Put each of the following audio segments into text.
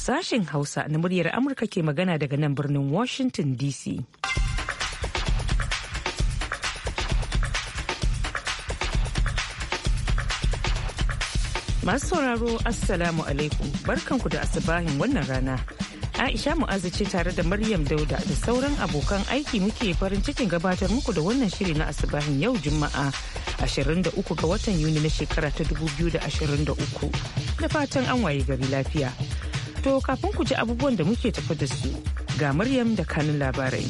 Sashen Hausa na muryar Amurka ke magana daga nan birnin Washington DC. Masu sauraro Assalamu alaikum barkanku da asubahin wannan rana. Aisha Mu'azu ce tare da Maryam Dauda da sauran abokan aiki muke farin cikin gabatar muku da wannan shiri na asibahin yau Juma'a 23 ga watan Yuni na shekara ta 2023. Da fatan an waye gari lafiya. To kafin ku ji abubuwan da muke tafi da su ga Maryam da kanun labarai.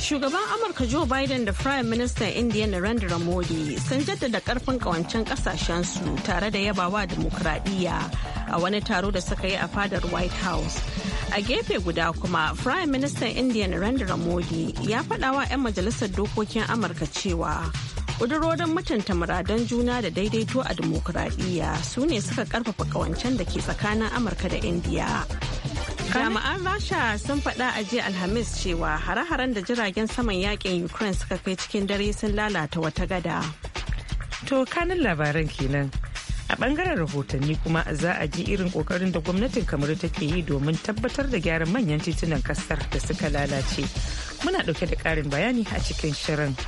Shugaban Amurka Joe Biden da Prime Minister India Narendra Modi sun jaddada karfin kawancen su tare da yabawa demokuraɗiyya a wani taro da suka yi a fadar White House. A gefe guda kuma, Prime Minister India Narendra Modi ya faɗawa 'yan majalisar dokokin Amurka cewa ƙudurorin mutunta muradan juna da daidaito a demokuraɗiyya su ne suka karfafa kawancen da ke tsakanin Amurka da India. Jami'an Rasha sun faɗa a jiya Alhamis cewa hare-haren da jiragen saman yakin Ukraine suka kai cikin dare sun lalata wata gada. To kanin labaran kenan. A bangaren rahotanni kuma za a ji irin kokarin da gwamnatin kamar take yi domin tabbatar da gyaran manyan titunan kasar da suka lalace. Muna dauke da ƙarin bayani a cikin shirin.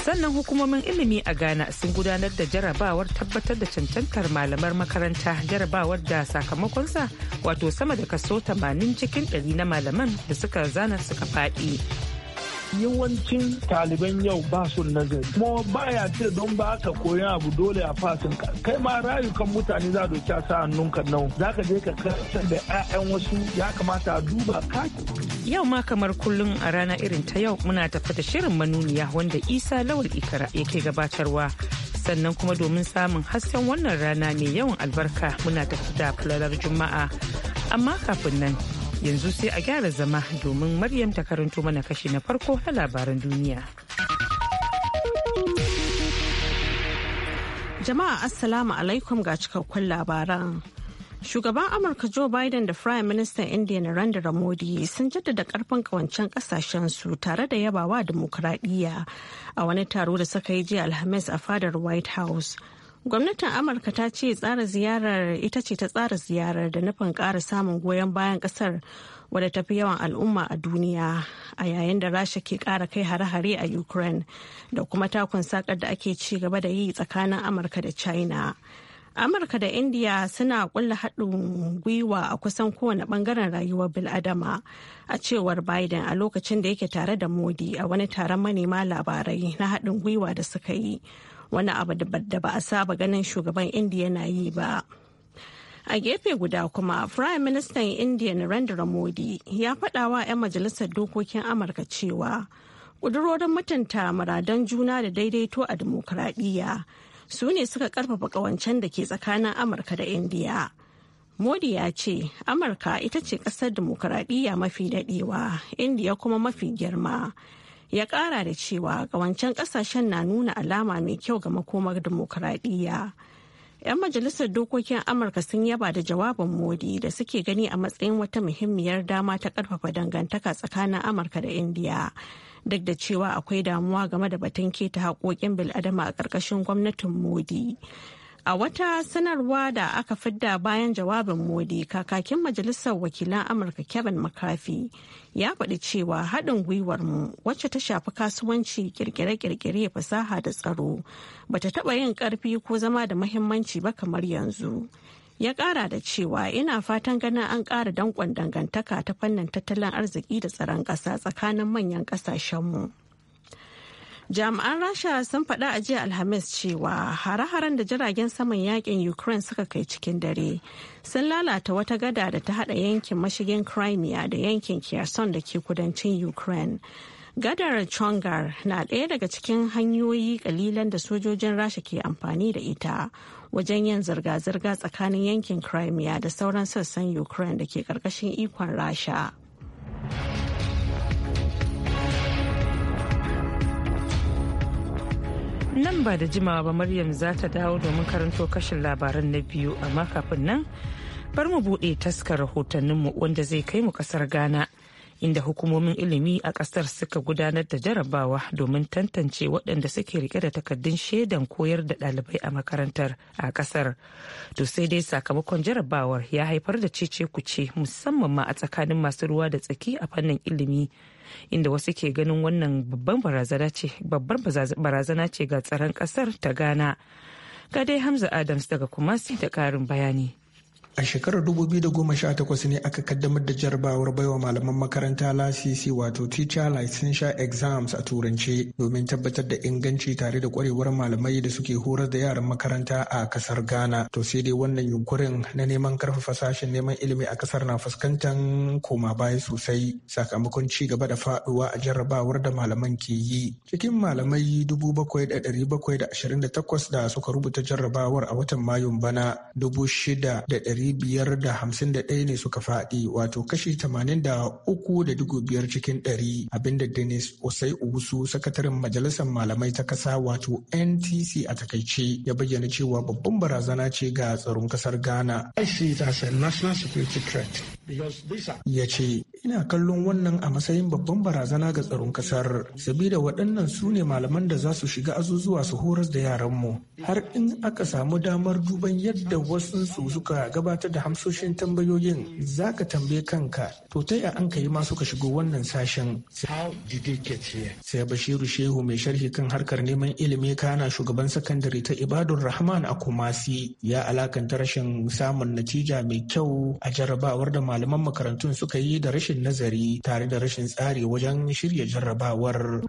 sannan hukumomin ilimi a ghana sun gudanar da jarabawar tabbatar da cancantar malamar makaranta jarabawar da sakamakonsa wato sama da kaso 80 cikin 100 na malaman da suka zana suka faɗi yawancin taliban yau ba su nazari kuma ba ya ce don ba ka koyan abu dole a fasin ka kai ma rayukan mutane za doki a sa ka nan za ka je ka karantar da 'ya'yan wasu ya kamata a duba kaki yau ma kamar kullum a rana irin ta yau muna tafi da shirin manuniya wanda isa lawal ikara yake gabatarwa sannan kuma domin samun hasken wannan rana mai yawan albarka muna tafi da fulalar juma'a amma kafin nan yanzu sai a gyara zama domin maryam ta karanto mana kashi na farko na labaran duniya jama'a assalamu alaikum ga cikakkun labaran shugaban amurka joe biden da prime minister india narendra modi sun jaddada karfin kawancen kasashen su tare da yabawa dimokuraɗiyya a wani taro da suka yi jiya alhamis a fadar white house gwamnatin amurka ta ce tsara ziyarar ita ce ta tsara ziyarar da nufin ƙara samun goyon bayan ƙasar wadda ta fi yawan al'umma a duniya a yayin da rasha ke ƙara kai hare-hare a ukraine da kuma takun sakar da ake ci gaba da yi tsakanin amurka da china amurka da india suna kulla haɗin gwiwa a kusan kowane ɓangaren rayuwar biladama a cewar biden a lokacin da yake tare da modi a wani taron manema labarai na haɗin gwiwa da suka yi wani abu da ba a saba ganin shugaban indiya na yi ba a gefe guda kuma prime minister indiya narendra modi ya faɗa wa 'yan majalisar dokokin amurka cewa ƙudurorin mutunta muradan juna da daidaito a dimokuraɗiyya su ne suka karfafa ƙawancen da ke tsakanin amurka da indiya modi ya ce amurka ita ce ƙasar demokuraɗiyya mafi daɗewa indiya kuma mafi girma ya kara da cewa kawancen kasashen na nuna alama mai kyau ga makomar dimokuraɗiyya. 'yan majalisar dokokin amurka sun yaba da jawabin modi da suke gani a matsayin wata muhimmiyar dama ta ƙarfafa dangantaka tsakanin amurka da indiya duk da cewa akwai damuwa game da batun keta haƙoƙin bil'adama a ƙarƙashin gwamnatin modi A wata sanarwa da aka fidda bayan jawabin Modi kakakin Majalisar Wakilan Amurka Kevin McCarthy ya faɗi cewa haɗin gwiwar mu wacce ta shafi kasuwanci kirkire-kirkire fasaha da tsaro bata taɓa yin ƙarfi ko zama da mahimmanci ba kamar yanzu. Ya ƙara da cewa ina fatan ganin an ƙara danƙon dangantaka ta fannin tattalin arziki da tsaron ƙasa tsakanin manyan ƙasashenmu. mu. jami'an rasha sun faɗa a jiya alhamis cewa hare-haren da jiragen saman yakin ukraine suka kai cikin dare sun lalata wata gada da ta haɗa yankin mashigin crimea da yankin kherson da ke kudancin ukraine gadar chongar na ɗaya daga cikin hanyoyi kalilan da sojojin rasha ke amfani da ita wajen yin zirga-zirga tsakanin yankin crimea da sauran sassan ukraine da ke ƙarƙashin ikon rasha. Nan ba da jimawa ba Maryam za ta dawo domin karanto kashin labaran na biyu amma kafin nan bar mu buɗe taskar rahotanninmu wanda zai kai mu kasar Ghana. Inda hukumomin ilimi a kasar suka gudanar da jarabawa domin tantance waɗanda suke rike da takaddun shaidan koyar da ɗalibai a makarantar a kasar To sai dai sakamakon jarabawar ya haifar da cece kuce musamman ma a tsakanin masu ruwa da tsaki a fannin ilimi. inda wasu ke ganin wannan babban barazana ce ga tsaron kasar ta ghana ga dai hamza adams daga kumasi da karin bayani A shekarar 2018 ne aka kaddamar da jarabawar baiwa malaman makaranta lasisi wato teacher licensure exams a turance domin tabbatar da inganci tare da kwarewar malamai da suke horar da yaran makaranta a kasar Ghana. To sai dai wannan yunkurin na neman karfafa sashen neman ilimi a kasar na fuskantar koma baya sosai sakamakon ci gaba da faduwa a jarabawar da malaman ke yi. Cikin malamai 7,728 da suka rubuta jarrabawar a watan Mayun bana 6,000 551 ne suka faɗi wato kashi 83.5 cikin ɗari abinda denis Osei Ugusu sakataren majalisar malamai ta ƙasa wato NTC a takaice ya bayyana cewa babban barazana ce ga tsaron ƙasar Ghana. I see security threat. Ya ce, ina kallon wannan a matsayin babban barazana ga tsaron kasar, sabida waɗannan su ne malaman da za su shiga azuzuwa su horas da yaranmu. Har in aka samu damar duban yadda wasu su suka gabatar da hamsoshin tambayoyin za ka tambaye kanka, to ta an ka yi ma suka shigo wannan sashen. Sai Bashiru Shehu mai sharhi kan harkar neman ilimi kana shugaban sakandare ta Ibadun Rahman a Kumasi ya alakanta rashin samun natija mai kyau a jarabawar da malaman malaman makarantun suka yi da rashin nazari tare da rashin tsari wajen shirya jarrabawar.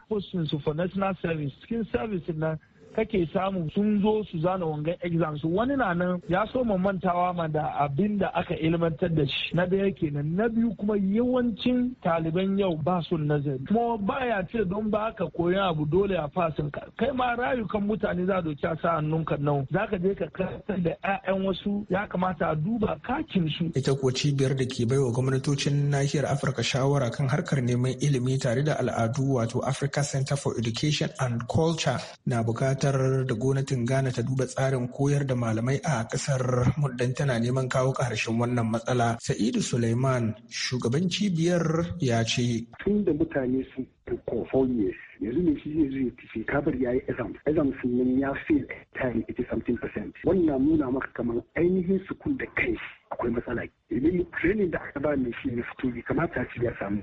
kake samu sun zo su zana wangan exam su wani na nan ya so mu mantawa ma da abin da aka ilmantar da shi na daya kenan na biyu kuma yawancin taliban yau ba su nazari kuma baya ce don ba ka koyan abu dole a fasin ka kai ma rayukan mutane za doki a sa hannunka nan za ka je ka karantar da 'ya'yan wasu ya kamata a duba kakin su ita kuwa cibiyar da ke baiwa gwamnatocin nahiyar afirka shawara kan harkar neman ilimi tare da al'adu wato africa center for education and culture na bukata makarantar da gwamnatin Ghana ta duba tsarin koyar da malamai a ƙasar muddan tana neman kawo ƙarshen wannan matsala. Sa'idu Suleiman shugaban cibiyar ya ce. Tun da mutane sun for yanzu ne shi zai zai tafi kabar ya yi exam exam sun yi ya fail time it is something percent wannan nuna maka kamar ainihin sukun da kai akwai matsala ilimin training da aka ba mai shi ne fito bai kamata ci ya samu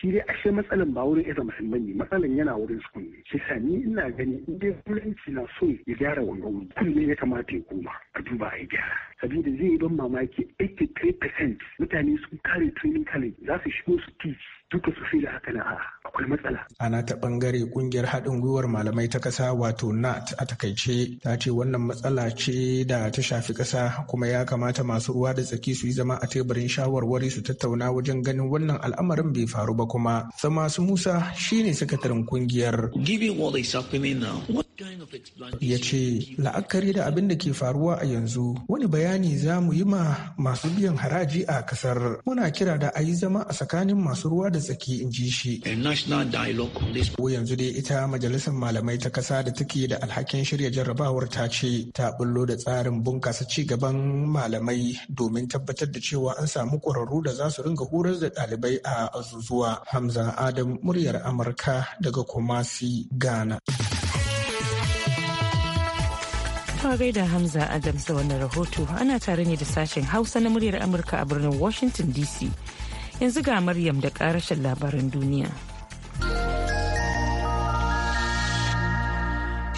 shi dai ashe matsalan ba wurin irin musulman ne matsalan yana wurin su ne shi ni ina gani in dai gwamnati na so ya gyara wannan wuri kullum ya kamata ya koma a duba yi gyara sabida zai yi ban mamaki 83% mutane sun kare training college za su shigo su teach duka su fi da haka na ah, akwai matsala. Ana ta bangare kungiyar haɗin gwiwar malamai ta ƙasa wato NAT a takaice ta ce wannan matsala ce da ta shafi ƙasa kuma ya kamata masu ruwa da tsaki su yi zama a teburin shawarwari su tattauna wajen ganin wannan al'amarin bai faru ba kuma. Sama su Musa shine sakataren kungiyar. Ya ce la'akari da abin da ke faruwa a yanzu wani bayan bayani za mu yi ma masu biyan haraji a kasar. Muna kira da a yi zama a tsakanin masu ruwa da tsaki in ji shi. Ko yanzu dai ita majalisar malamai ta kasa da take da alhakin shirya jarrabawar ta ce ta bullo da tsarin bunkasa ci gaban malamai domin tabbatar da cewa an samu ƙwararru da za su ringa horar da ɗalibai a azuzuwa. Hamza Adam muryar Amurka daga Kumasi, Ghana. a gaida Hamza Adams da wannan rahoto ana tare ne da sashen Hausa na muryar Amurka a birnin Washington DC. Yanzu ga Maryam da ƙarashin labaran duniya.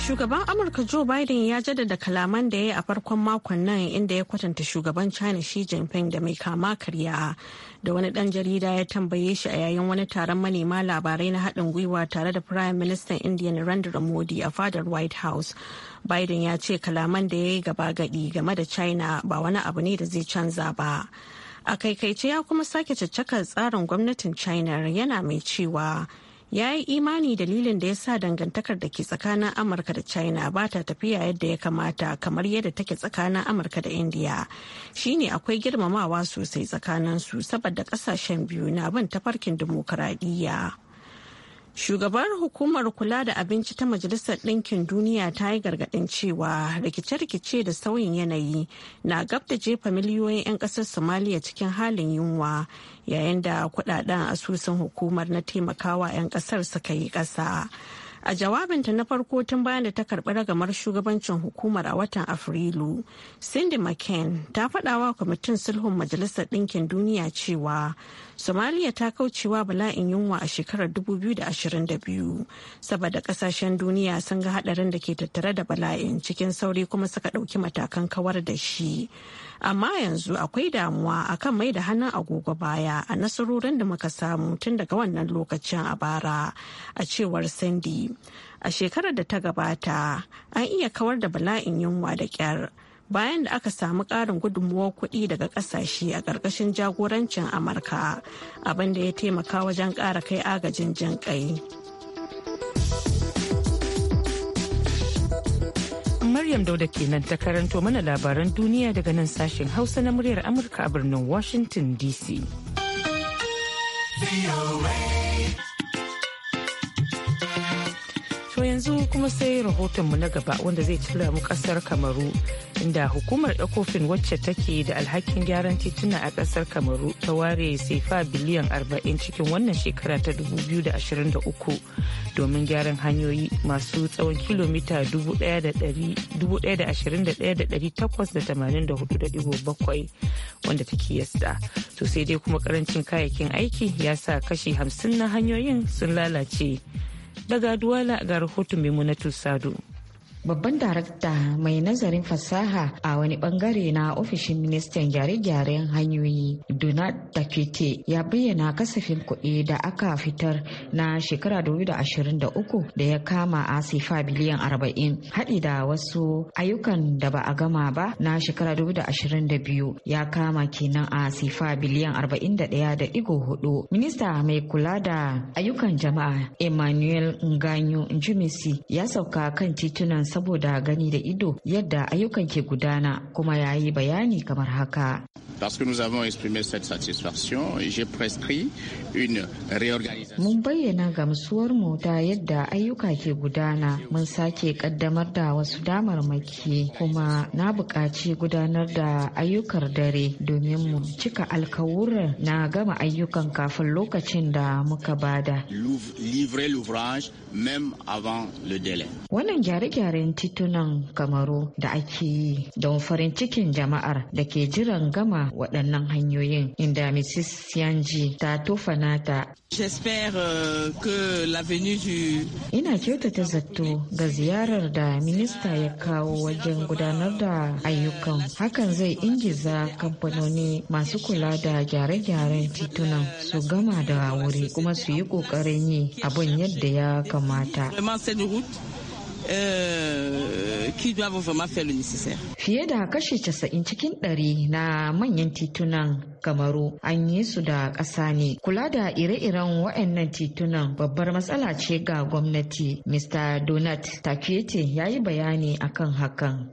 Shugaban Amurka Joe Biden ya jaddada kalaman da ya yi a farkon makon nan inda ya kwatanta shugaban China Xi Jinping da mai kama karya da wani dan jarida ya tambaye shi a yayin wani taron manema labarai na haɗin gwiwa tare da Prime Minister indian Narendra Modi a fadar White House. Biden ya ce kalaman da ya yi gaba gadi game da China ba wani abu ne da zai canza ba. A kaikaice ya kuma sake caccakar tsarin gwamnatin China yana mai cewa. ya yi imani dalilin da ya sa dangantakar da ke tsakanin amurka da china ba ta tafiya yadda ya kamata kamar yadda take tsakanin amurka da india shine akwai girmamawa sosai tsakanin su saboda kasashen biyu na bin tafarkin dimokuraɗiyya. Shugabar hukumar kula da abinci ta Majalisar Ɗinkin Duniya ta yi gargaɗin cewa rikice-rikice da sauyin yanayi na gab da jefa miliyoyin 'yan ƙasar Somalia cikin halin yunwa yayin da kudaden asusun hukumar na taimakawa 'yan ƙasar suka yi ƙasa. A jawabinta na farko tun bayan da ta karbi ragamar shugabancin hukumar a watan Afrilu, Cindy McCain ta faɗawa kwamitin sulhun Majalisar Ɗinkin Duniya cewa Somalia ta kaucewa bala'in yunwa a shekarar 2022 saboda kasashen duniya sun ga hadarin da ke tattare da bala'in cikin sauri kuma suka ɗauki matakan kawar da shi. Amma yanzu akwai damuwa akan mai da hannun agogo baya a nasarorin da muka samu tun daga wannan lokacin a bara a cewar Sandy. A shekarar da ta gabata an iya kawar da bala'in yunwa da kyar. bayan da aka samu karin gudunmuwar kuɗi daga ƙasashe a ƙarƙashin jagorancin amurka abinda ya taimaka wajen ƙara kai agajin jin ƙai. maryam dauda kenan ta karanto mana labaran duniya daga nan sashen hausa na muryar amurka a birnin washington dc. yanzu kuma sai rahotonmu na gaba wanda zai cira mu kasar kamaru inda hukumar ecofin wacce take da alhakin gyaran tituna a kasar kamaru ta ware sefa biliyan 40 cikin wannan shekara ta 2023 domin gyaran hanyoyi masu tsawon kilomita 1,121,884 wanda take yasta to sai dai kuma karancin kayayyakin aiki ya sa kashi 50 na hanyoyin sun lalace Daga Duwala ga rahoton Maimunatu Sadu. babban darakta mai nazarin fasaha a wani bangare na ofishin ministan gyare-gyaren hanyoyi donald tafete ya bayyana kasafin kuɗi da aka fitar na shekara 2023 da ya kama a sifa biliyan 40 haɗi da wasu ayyukan da ba a gama ba na shekara 2022 ya kama kenan a sifa biliyan 41.4 minista mai kula da ayyukan jama'a emmanuel nganyo jimisi ya sauka kan titunan saboda gani da ido yadda ayyukan ke gudana kuma ya yi bayani kamar haka. Parce que nous avons exprimé cette satisfaction, j'ai prescrit une réorganisation. Mun bayyana gamsuwar mu ta yadda ayyuka ke gudana, mun sake kaddamar da wasu damarmaki kuma na buƙaci gudanar da ayyukar dare domin mu cika alkawura na gama ayyukan kafin lokacin da muka bada. Livrer l'ouvrage même avant le délai. Wannan gyare-gyaren titunan kamaru da ake yi don farin cikin jama'ar da ke jiran gama waɗannan hanyoyin inda Mrs. Sianji ta tofa nata. Euh, Ina kyautata zato ga ziyarar da minista ya kawo wajen gudanar da ayyukan. Hakan zai ingiza kamfanoni masu kula da gyare-gyaren titunan su gama da wuri kuma su yi ƙoƙarin yi abin yadda ya kamata. Euh, qui doivent vraiment faire le Fiye da kashi 90 cikin ɗari na manyan titunan kamaru an yi su da ƙasa ne kula da ire-iren waɗannan titunan babbar matsala ce ga gwamnati mr donat takete ya yi bayani kan hakan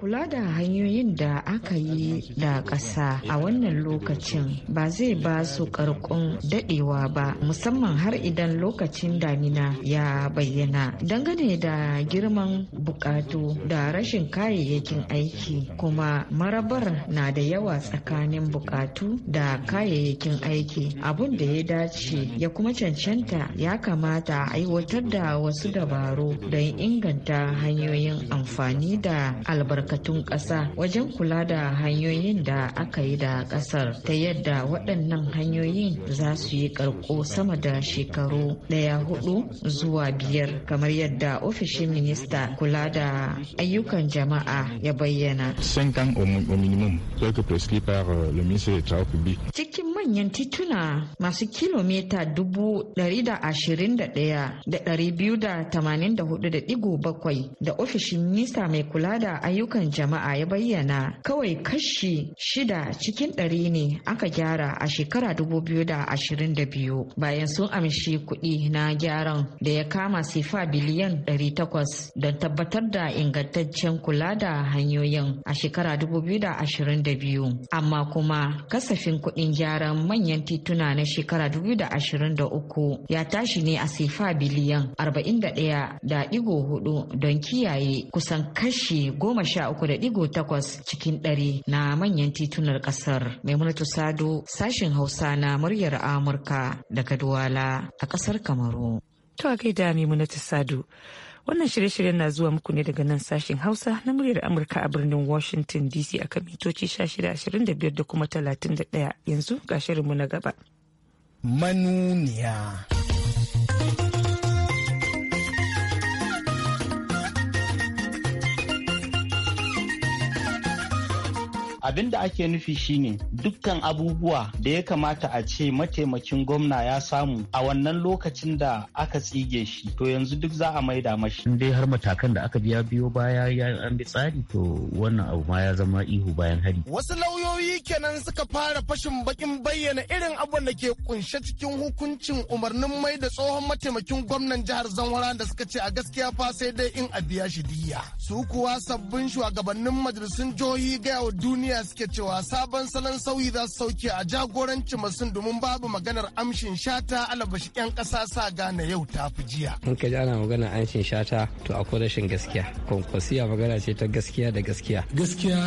kula da hanyoyin da aka yi da ƙasa a wannan lokacin ba zai ba su ƙarƙon daɗewa ba musamman har idan lokacin damina ya bayyana dangane da girman buƙatu da rashin kayayyakin aiki kuma marabar na da yawa tsakanin bukatu da kayayyakin aiki abun da ya dace ya kuma cancanta ya kamata a aiwatar da wasu dabaru don inganta hanyoyin amfani da albarkatun ƙasa wajen kula da hanyoyin da aka yi da ƙasar ta yadda waɗannan hanyoyin za su yi ƙarƙo sama da shekaru ɗaya hudu zuwa biyar kamar yadda ofishin minista kula da ayyukan jama'a ya bayyana. Euh, cikin manyan tituna masu kilomita dubu ɗari da ashirin da ɗaya da ɗari biyu da tamanin da hudu da ɗigo bakwai da ofishin minista mai kula da ayyukan jama'a ya bayyana kawai kashi shida cikin ɗari ne aka gyara a shekara dubu biyu da ashirin da biyu bayan sun amshi kuɗi na gyaran da ya kama sifa biliyan ɗari takwas don tabbatar da ingantaccen kula da hanyar hanyoyin a shekara 2022 amma kuma kasafin kuɗin gyaran manyan tituna na shekara 2023 ya tashi ne a sefa biliyan 41.4 don kiyaye kusan kashi 13.8 cikin ɗari na manyan titunar ƙasar. Maimunatu Sado sashin Hausa na muryar Amurka daga Duwala a ƙasar Kamaru. To a gaida Maimunatu Sado. Wannan shirye-shiryen na zuwa muku ne daga nan sashen Hausa na muryar Amurka a birnin Washington DC a kan mitoci 1625 da kuma 31 yanzu ga shirinmu na gaba. Manuniya. abin da ake nufi shine dukkan abubuwa da ya kamata a ce mataimakin gwamna ya samu a wannan lokacin da aka tsige shi to yanzu duk za a maida mashi dai har matakan da aka biya biyo baya ya an bi tsari to wannan abu ma ya zama ihu bayan hari wasu lauyoyi kenan suka fara fashin bakin bayyana irin abin da ke kunshe cikin hukuncin umarnin mai da tsohon mataimakin gwamnan jihar zamfara da suka ce a gaskiya fa sai dai in a biya shi diya su kuwa sabbin shugabannin majalisun jihohi ga duniya duniya suke cewa sabon salon sauyi za su sauke a jagorancin masun domin babu maganar amshin shata alabashi 'yan kasa sa gane yau ta fi jiya. In ka jana maganar amshin shata to akwai rashin gaskiya. Kwankwasiya magana ce ta gaskiya da gaskiya. Gaskiya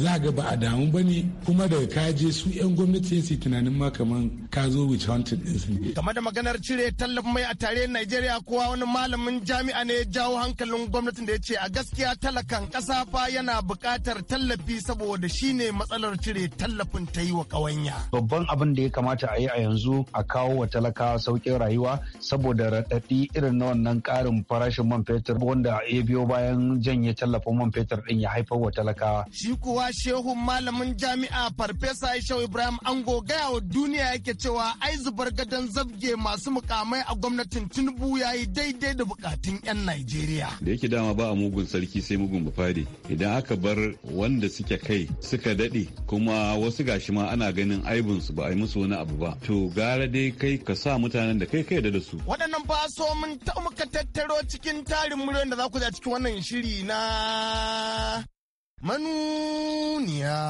za ga ba a damu ba ne kuma daga ka je su 'yan gwamnati su tunanin ma kaman ka zo wuce hunting din su ne. Game da maganar cire tallafin mai a tare nigeria kowa wani malamin jami'a ne ya jawo hankalin gwamnatin da ya ce a gaskiya talakan ƙasa fa yana bukatar tallafi saboda shine matsalar cire tallafin ta yi wa ƙawanya. Babban abin da ya kamata a yi a yanzu a kawo wa talakawa sauƙin rayuwa saboda raɗaɗi irin na wannan ƙarin farashin man fetur wanda ya biyo bayan janye tallafin man fetur ɗin ya haifar wa talakawa. Shi kuwa kuma shehun malamin jami'a farfesa Aishau Ibrahim Ango gaya wa duniya yake cewa ai zubar gadon zabge masu mukamai a gwamnatin Tinubu yayi daidai da bukatun 'yan Najeriya. Da yake dama ba a mugun sarki sai mugun bafade idan aka bar wanda suke kai suka daɗe kuma wasu gashi ma ana ganin su ba a yi musu wani abu ba. To gara dai kai ka sa mutanen da kai kai da su. Waɗannan ba so mun ta tattaro cikin tarin muryoyin da za ku za cikin wannan shiri na manuniya.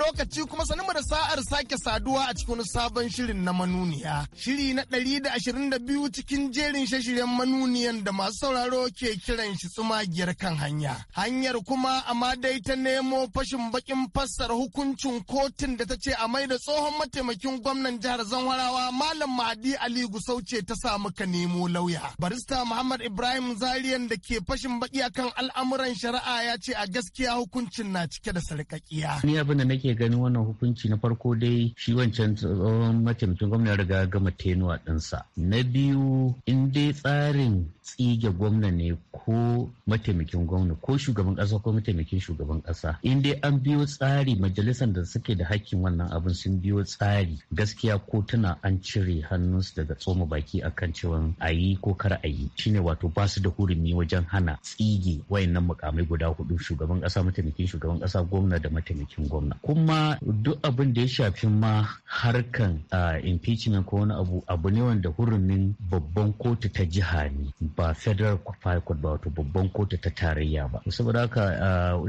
lokaci kuma sanin da sa'ar sake saduwa a cikin sabon shirin na manuniya. Shiri na ɗari da ashirin da biyu cikin jerin shashiren manuniyan da masu sauraro ke kiran shi tsumagiyar kan hanya. Hanyar kuma amma dai ta nemo fashin bakin fassar hukuncin kotun da ta ce a mai da tsohon mataimakin gwamnan jihar Zanwarawa Malam Mahdi Ali Gusauce ta samu ka nemo lauya. Barista Muhammad Ibrahim Zariyan da ke fashin baki akan al'amuran shari'a ya ce a gaskiya hukuncin na cike da sarƙaƙiya. Ni abin da nake ake ganin wannan hukunci na farko dai shi wancan tsohon mataimakin gwamna riga gama tenuwa ɗinsa na biyu in dai tsarin tsige gwamna ne ko mataimakin gwamna ko shugaban ƙasa ko mataimakin shugaban ƙasa in dai an biyo tsari majalisar da suke da hakkin wannan abin sun biyo tsari gaskiya ko tana an cire hannunsu daga tsoma baki akan cewa a yi ko kar a yi shine wato ba su da hurumi wajen hana tsige wayannan mukamai guda hudu shugaban ƙasa mataimakin shugaban ƙasa gwamna da mataimakin gwamna kuma kuma duk abin da ya shafi ma harkan impeachment ko wani abu abu ne wanda hurumin babban kotu ta jiha ne ba federal court ba wato babban kotu ta tarayya ba saboda haka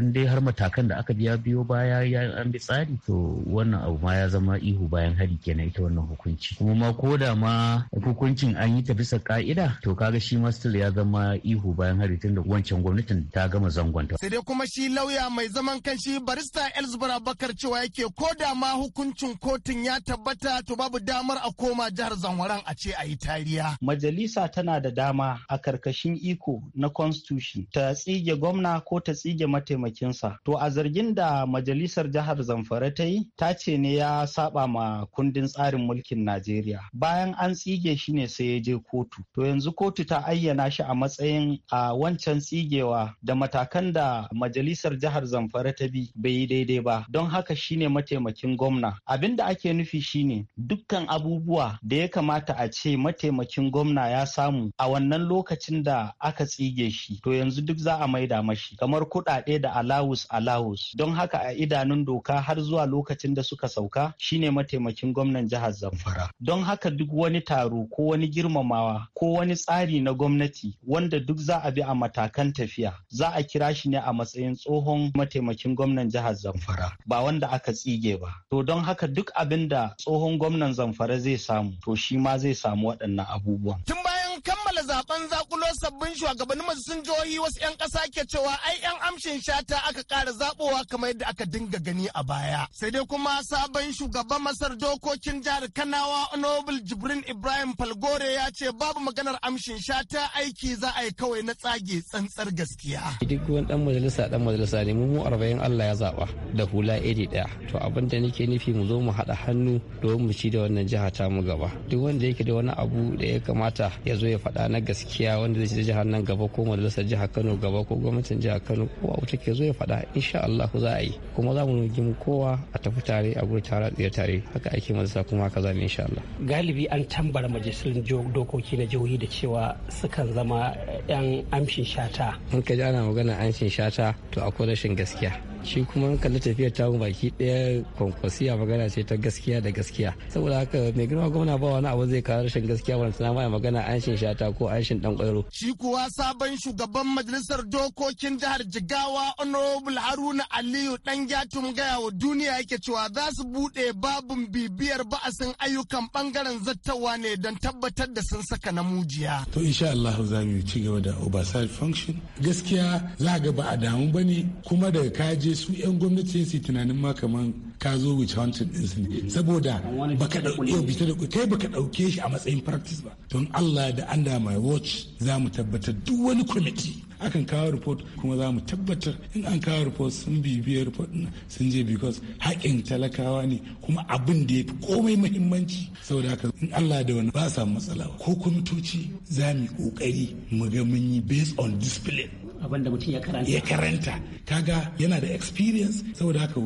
in dai har matakan da aka biya biyo baya ya an bi tsari to wannan abu ma ya zama ihu bayan hari kenan ita wannan hukunci kuma ma ko da ma hukuncin an yi ta bisa ka'ida to kaga shi ma still ya zama ihu bayan hari tunda wancan gwamnatin ta gama zangonta sai dai kuma shi lauya mai zaman kanshi barista Elsbara Bakar cewa yake ko da ma hukuncin kotun ya tabbata to babu damar a koma jihar Zamwaran a ce a yi tariya. Majalisa tana da dama a karkashin iko na constitution ta tsige gwamna ko ta tsige mataimakinsa. To a zargin da majalisar jihar Zamfara ta yi ta ce ne ya saba ma kundin tsarin mulkin Najeriya. Bayan an tsige shi ne sai ya je kotu. To yanzu kotu ta ayyana shi a matsayin a wancan tsigewa da matakan da majalisar jihar Zamfara ta bi bai yi daidai ba. Don haka haka shine mataimakin gwamna abin da ake nufi shine dukkan abubuwa da ya kamata a ce mataimakin gwamna ya samu a wannan lokacin da aka tsige shi to yanzu duk za a maida mashi kamar kuɗaɗe da alawus alawus don haka a idanun doka har zuwa lokacin da suka sauka shine mataimakin gwamnan jihar zamfara don haka duk wani taro ko wani girmamawa ko wani tsari na gwamnati wanda duk za a bi a matakan tafiya za a kira shi ne a matsayin tsohon mataimakin gwamnan jihar zamfara ba wanda da aka tsige ba to don haka duk abin da tsohon gwamnan zamfara zai samu to shi ma zai samu waɗannan abubuwan tun an kammala zaben zakulo sabbin shugabannin majalisun jihohi wasu 'yan ƙasa ke cewa ai 'yan amshin shata aka ƙara zabowa kamar yadda aka dinga gani a baya. Sai dai kuma sabon shugaban Masar dokokin jihar Kanawa onobul Jibrin Ibrahim Falgore ya ce babu maganar amshin shata aiki za a yi kawai na tsage tsantsar gaskiya. Duk wani dan majalisa dan majalisa ne mu arba'in Allah ya zaba da hula iri daya. To abin da nake nufi mu zo mu haɗa hannu domin mu ci da wannan jiha ta mu gaba. Duk wanda yake da wani abu da ya kamata ya zo ya faɗa na gaskiya wanda zai ci jihar nan gaba ko majalisar jihar kano gaba ko gwamnatin jihar kano a wuce ke zo ya faɗa insha allahu za a yi kuma za mu nugi kowa a tafi tare a guri tare a tare haka ake majalisa kuma haka za mu insha allah. galibi an tambara majalisar dokoki na jihohi da cewa sukan zama yan amshin shata. in ka ji ana magana amshin shata to akwai rashin gaskiya shi kuma kalli tafiyar ta baki ɗaya kwankwasiya magana ce ta gaskiya da gaskiya saboda haka mai girma gwamna ba wani abu zai kawo rashin gaskiya wani tana mai magana anshin shata ko anshin dan kwairo. shi kuwa sabon shugaban majalisar dokokin jihar jigawa honorable haruna aliyu dan gatun gaya wa duniya yake cewa za su buɗe babin bibiyar ba'asin ayyukan bangaren zattawa ne don tabbatar da sun saka na mujiya. to insha Allah za mu ci gaba da oversight function gaskiya za ga ba a damu bane kuma daga kaji sai su 'yan gwamnati su tunanin ma kaman ka zo wuce wancan su ne saboda baka dauke da kai baka ɗauke shi a matsayin practice ba don Allah da under my watch za mu tabbatar duk wani kwamiti akan kawo report kuma za mu tabbatar in an kawo report sun bibiya report sun je because haƙƙin talakawa ne kuma abin da ya fi komai mahimmanci saboda haka in Allah da wani ba samu matsala ko kwamitoci za mu yi ƙoƙari mu ga mun yi based on discipline da mutum ya karanta ya karanta kaga yana da experience saboda haka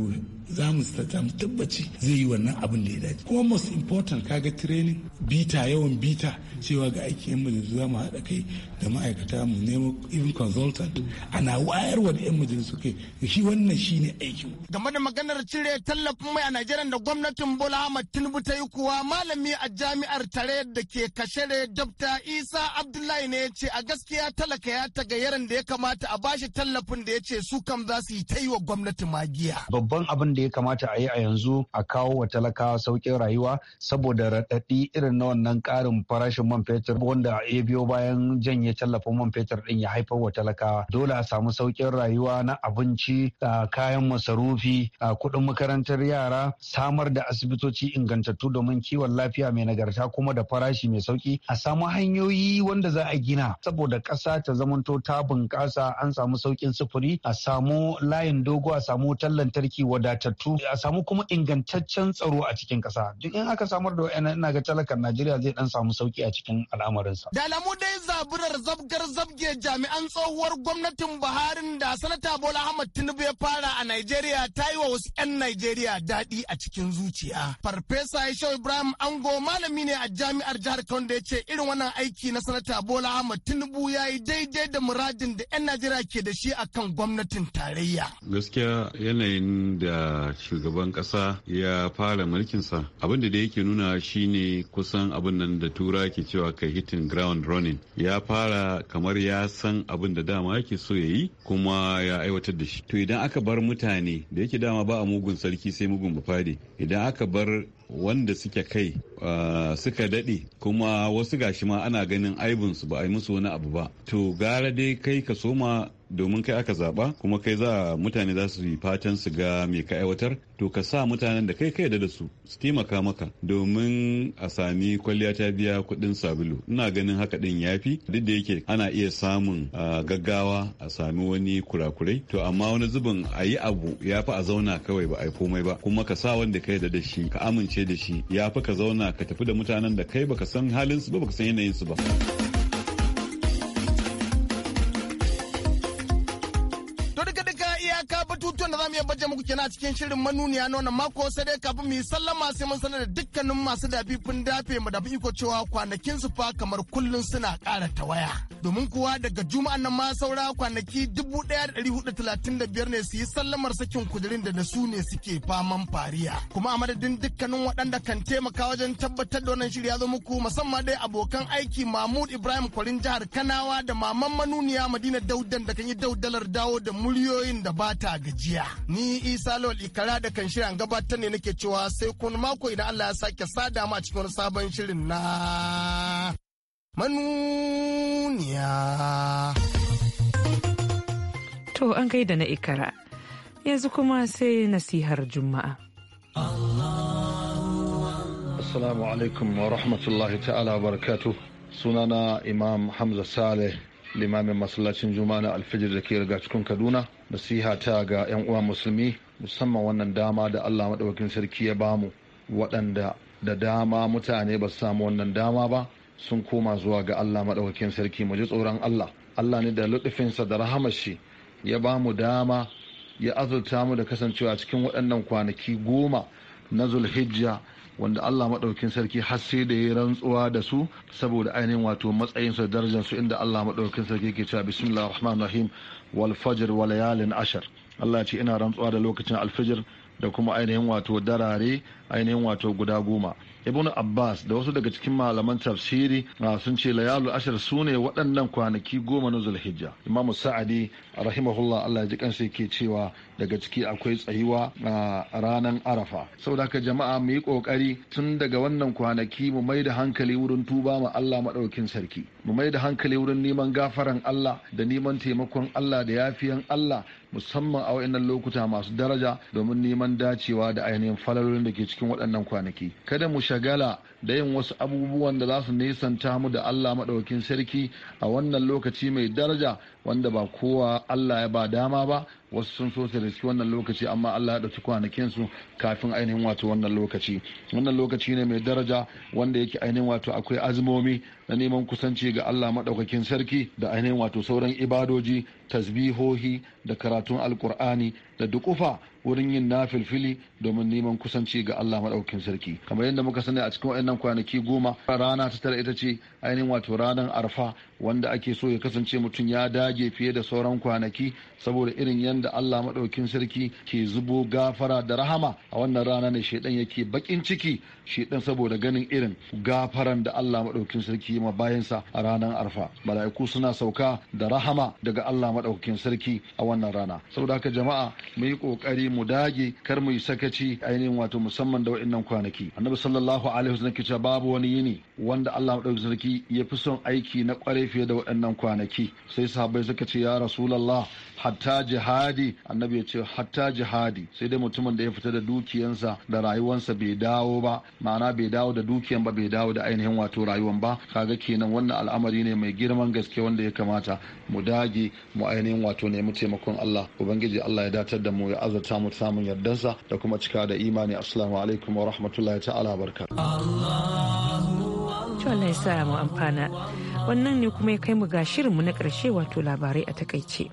za mu tabbaci zai yi wannan abin da ya dace kuma most important kaga training bita yawan bita cewa ga aiki yan majalisu za mu haɗa kai da ma'aikata mu nemo even consultant ana wayarwa da yan majalisu kai shi wannan shi ne aikin game da maganar cire tallafin mai a najeriya da gwamnatin bola ahmad tinubu ta yi kuwa malami a jami'ar tare da ke kashere dabta isa abdullahi ne ya ce a gaskiya talaka ya ga yaran da ya kamata a bashi tallafin da ya ce su kam za su yi ta yi wa gwamnati magiya babban abin da ya kamata a yi a yanzu a kawo wa talakawa saukin rayuwa saboda raɗaɗi irin na wannan ƙarin farashin man fetur wanda ya biyo bayan janye tallafin man fetur ɗin ya haifar wa talakawa dole a samu saukin rayuwa na abinci kayan masarufi a kuɗin makarantar yara samar da asibitoci ingantattu domin kiwon lafiya mai nagarta kuma da farashi mai sauƙi a samu hanyoyi wanda za a gina saboda ƙasa ta zamanto ta bunƙasa an samu sauƙin sufuri a samu layin dogo a samu wutar lantarki wadata matattu a samu kuma ingantaccen tsaro a cikin kasa duk in aka samar da wayannan ina ga talakar Najeriya zai dan samu sauki a cikin al'amarinsa da alamu dai zaburar zabgar zabge jami'an tsohuwar gwamnatin Buhari da sanata Bola Ahmad Tinubu ya fara a Najeriya ta yi wa wasu 'yan Najeriya daɗi a cikin zuciya farfesa Aisha Ibrahim Ango malami ne a jami'ar jihar Kano da ya ce irin wannan aiki na sanata Bola Ahmad Tinubu ya yi daidai da muradin da 'yan Najeriya ke da shi akan gwamnatin tarayya gaskiya yanayin da shugaban kasa ya fara mulkinsa abin da yake nuna shine kusan abin nan da tura ke cewa kai hitin ground running ya fara kamar ya san abin da dama yake so ya yi kuma ya aiwatar da shi to idan aka bar mutane da yake dama ba a mugun sarki sai mugun bafade idan aka bar wanda suke kai suka daɗe kuma wasu gashi ma ana ganin aibinsu ba a yi musu wani abu ba to gara dai kai ka soma domin kai aka zaba kuma kai za mutane za su yi fatan su ga mai ka aiwatar to ka sa mutanen da kai kai da su su taimaka maka domin a sami kwalliya ta biya kuɗin sabulu ina ganin haka din yafi duk da yake ana iya samun gaggawa a sami wani kurakurai to amma wani zubin a yi abu ya fi a zauna kawai ba a yi komai ba kuma ka sa wanda kai da shi ka amince da shi ya fi ka zauna ka tafi da mutanen da kai baka san halin su ba baka san yanayin su ba. iyaka batutuwan da za mu iya baje muku kenan a cikin shirin manuniya na wannan mako sai dai kafin mu sallama sai mun sanar da dukkanin masu fun dafe mu da iko cewa kwanakin su fa kamar kullun suna ƙara tawaya. Domin kuwa daga juma'an nan ma saura kwanaki dubu ne su yi sallamar sakin kudirin da da su ne suke faman fariya. Kuma a madadin dukkanin waɗanda kan taimaka wajen tabbatar da wannan shirya zo muku musamman dai abokan aiki Mahmud Ibrahim Kwarin jihar Kanawa da Maman Manuniya Madina Daudan da kan yi daudalar dawo da muryoyin da ba bata gajiya ni isa Lol ikara da kan shirin gabatar ne nake cewa sai kun mako idan allah ya sake sada ma cikin wani sabon shirin na manuniya to an gaida na ikara yanzu kuma sai nasihar juma'a Assalamu alaikum wa rahmatullahi ta'ala barakatu sunana imam hamza saleh limamin masallacin juma'a na alfijir da ke riga cikin kaduna nasiha ta ga 'yan uwa musulmi musamman wannan dama da allah maɗaukin sarki ya bamu waɗanda da dama mutane ba su samu wannan dama ba sun koma zuwa ga allah maɗaukin sarki mu ji tsoron allah allah ne da lutufinsa da rahamar shi ya bamu dama ya azurta mu da kasancewa cikin waɗannan kwanaki goma na zulhijja wanda Allah maɗaukin sarki har sai da ya rantsuwa da su saboda ainihin wato matsayin su darajar su inda Allah maɗaukin sarki ke cewa bismillahir rahmanir rahim wal fajr wa layalin ashar Allah ce ina rantsuwa da lokacin alfijir da kuma ainihin wato darare ainihin wato guda goma ibn abbas da wasu daga cikin malaman tafsiri ah, sun ce layalu ashir su ne waɗannan kwanaki goma na zulhijja imamu sa'adi rahimahullah allah ya ji kansa yake cewa daga ciki akwai tsayuwa a ah, ranar arafa saboda haka jama'a mu yi kokari tun daga wannan kwanaki mu mai da hankali wurin tuba ma allah maɗaukin sarki mu mai da hankali wurin neman gafaran allah da neman taimakon allah da yafiyan allah musamman a wa'annan lokuta masu daraja domin neman dacewa da ainihin falalolin da ke cikin waɗannan kwanaki kada mu shagala da yin wasu abubuwan da za su nesanta mu da Allah maɗaukin sarki a wannan lokaci mai daraja wanda ba kowa Allah ya ba dama ba wasu sun so su riski wannan lokaci amma Allah ya ɗauki kwanakin su kafin ainihin wato wannan lokaci wannan lokaci ne mai daraja wanda yake ainihin wato akwai azumomi na neman kusanci ga Allah maɗaukakin sarki da ainihin wato sauran ibadoji tasbihohi da karatun alkur'ani da dukufa wurin yin na filfili domin neman kusanci ga Allah maɗaukin sarki kamar yadda muka sani a cikin waɗannan kwanaki goma rana ta tara ita ce ainihin wato ranar arfa wanda ake so ya kasance mutum ya dage fiye da sauran kwanaki saboda irin yadda Allah maɗaukin sarki ke zubo gafara da rahama a wannan rana ne shaidan yake bakin ciki shaidan saboda ganin irin gafaran da Allah maɗaukin sarki ma bayansa a ranar arfa mala'iku suna sauka da rahama daga Allah maɗaukin sarki a wannan rana saboda haka jama'a mu yi ƙoƙari mu dage kar mu yi sakaci ainihin wato musamman da wa'annan kwanaki annabi sallallahu alaihi wasallam kice babu wani yini wanda Allah madaukakin sarki ya fi son aiki na kware fiye da waɗannan kwanaki sai sahabbai suka ce ya rasulullah hatta jihadi annabi ya ce hatta jihadi sai dai mutumin da ya fita da dukiyansa da rayuwansa bai dawo ba ma'ana bai dawo da dukiyan ba bai dawo da ainihin wato rayuwan ba kaga kenan wannan al'amari ne mai girman gaske wanda ya kamata mu dage mu ainihin wato nemi taimakon Allah ubangiji Allah ya datar da mu ya azurta mu samun yardansa da kuma cika da imani assalamu alaikum wa rahmatullahi ta'ala barakatuh Allah ya sa mu amfana wannan ne kuma ya kai mu ga shirinmu na ƙarshe wato labarai a takaice.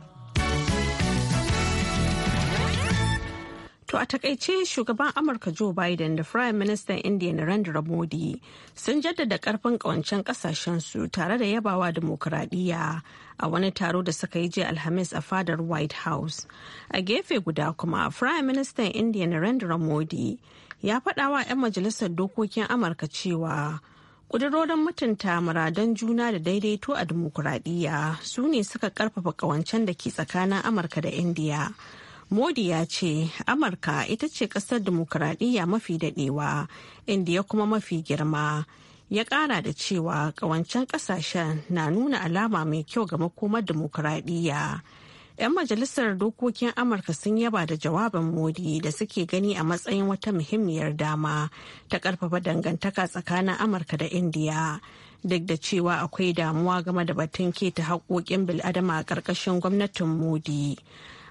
To a takaice shugaban Amurka Joe Biden da Prime Minister India Narendra Modi sun jaddada karfin kawancen su tare da yabawa demokuraɗiyya a wani taro da suka yi jiya Alhamis a fadar White House. A gefe guda kuma Prime Minister India Narendra Modi ya faɗawa 'yan majalisar dokokin Amurka cewa kudurorin mutunta muradan juna da daidaito a demokuraɗiyya su ne suka karfafa kawancen da ke tsakanin Amurka da India. Modi ya ce Amurka ita ce kasar dimokuraɗiyya mafi daɗewa indiya kuma mafi girma. Ya ƙara da cewa ƙawancen ƙasashen na nuna alama mai kyau ga makomar dimokuraɗiyya. 'Yan majalisar dokokin Amurka sun yaba da jawabin Modi da suke gani a matsayin wata muhimmiyar dama ta ƙarfafa dangantaka tsakanin Amurka da indiya Duk da cewa akwai damuwa game da batun keta haƙoƙin bil'adama a ƙarƙashin gwamnatin Modi.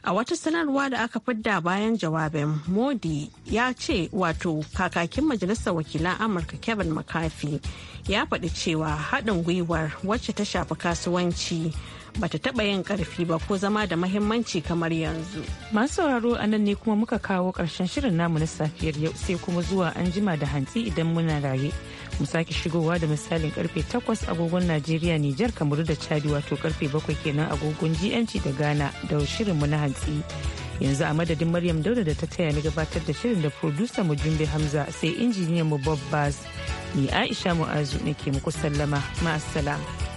a wata sanarwa da aka fidda bayan jawabin modi ya ce wato kakakin majalisar wakilan amurka kevin mccarthy ya faɗi cewa haɗin gwiwar wacce ta shafi kasuwanci bata taɓa yin ƙarfi ba ko zama da mahimmanci kamar yanzu masu sauraro a nan ne kuma muka kawo ƙarshen shirin namu na safiyar yau sai kuma zuwa an jima da hantsi idan muna raye mu sake shigowa da misalin karfe 8 agogon najeriya nijar kamaru da chadi wato karfe 7 kenan agogon gmt da ghana da shirin mu na hantsi yanzu a madadin maryam dauda da ta taya ni gabatar da shirin da producer mu jumbe hamza sai injiniyan mu bob bas ni aisha mu'azu nake muku sallama ma'assalam.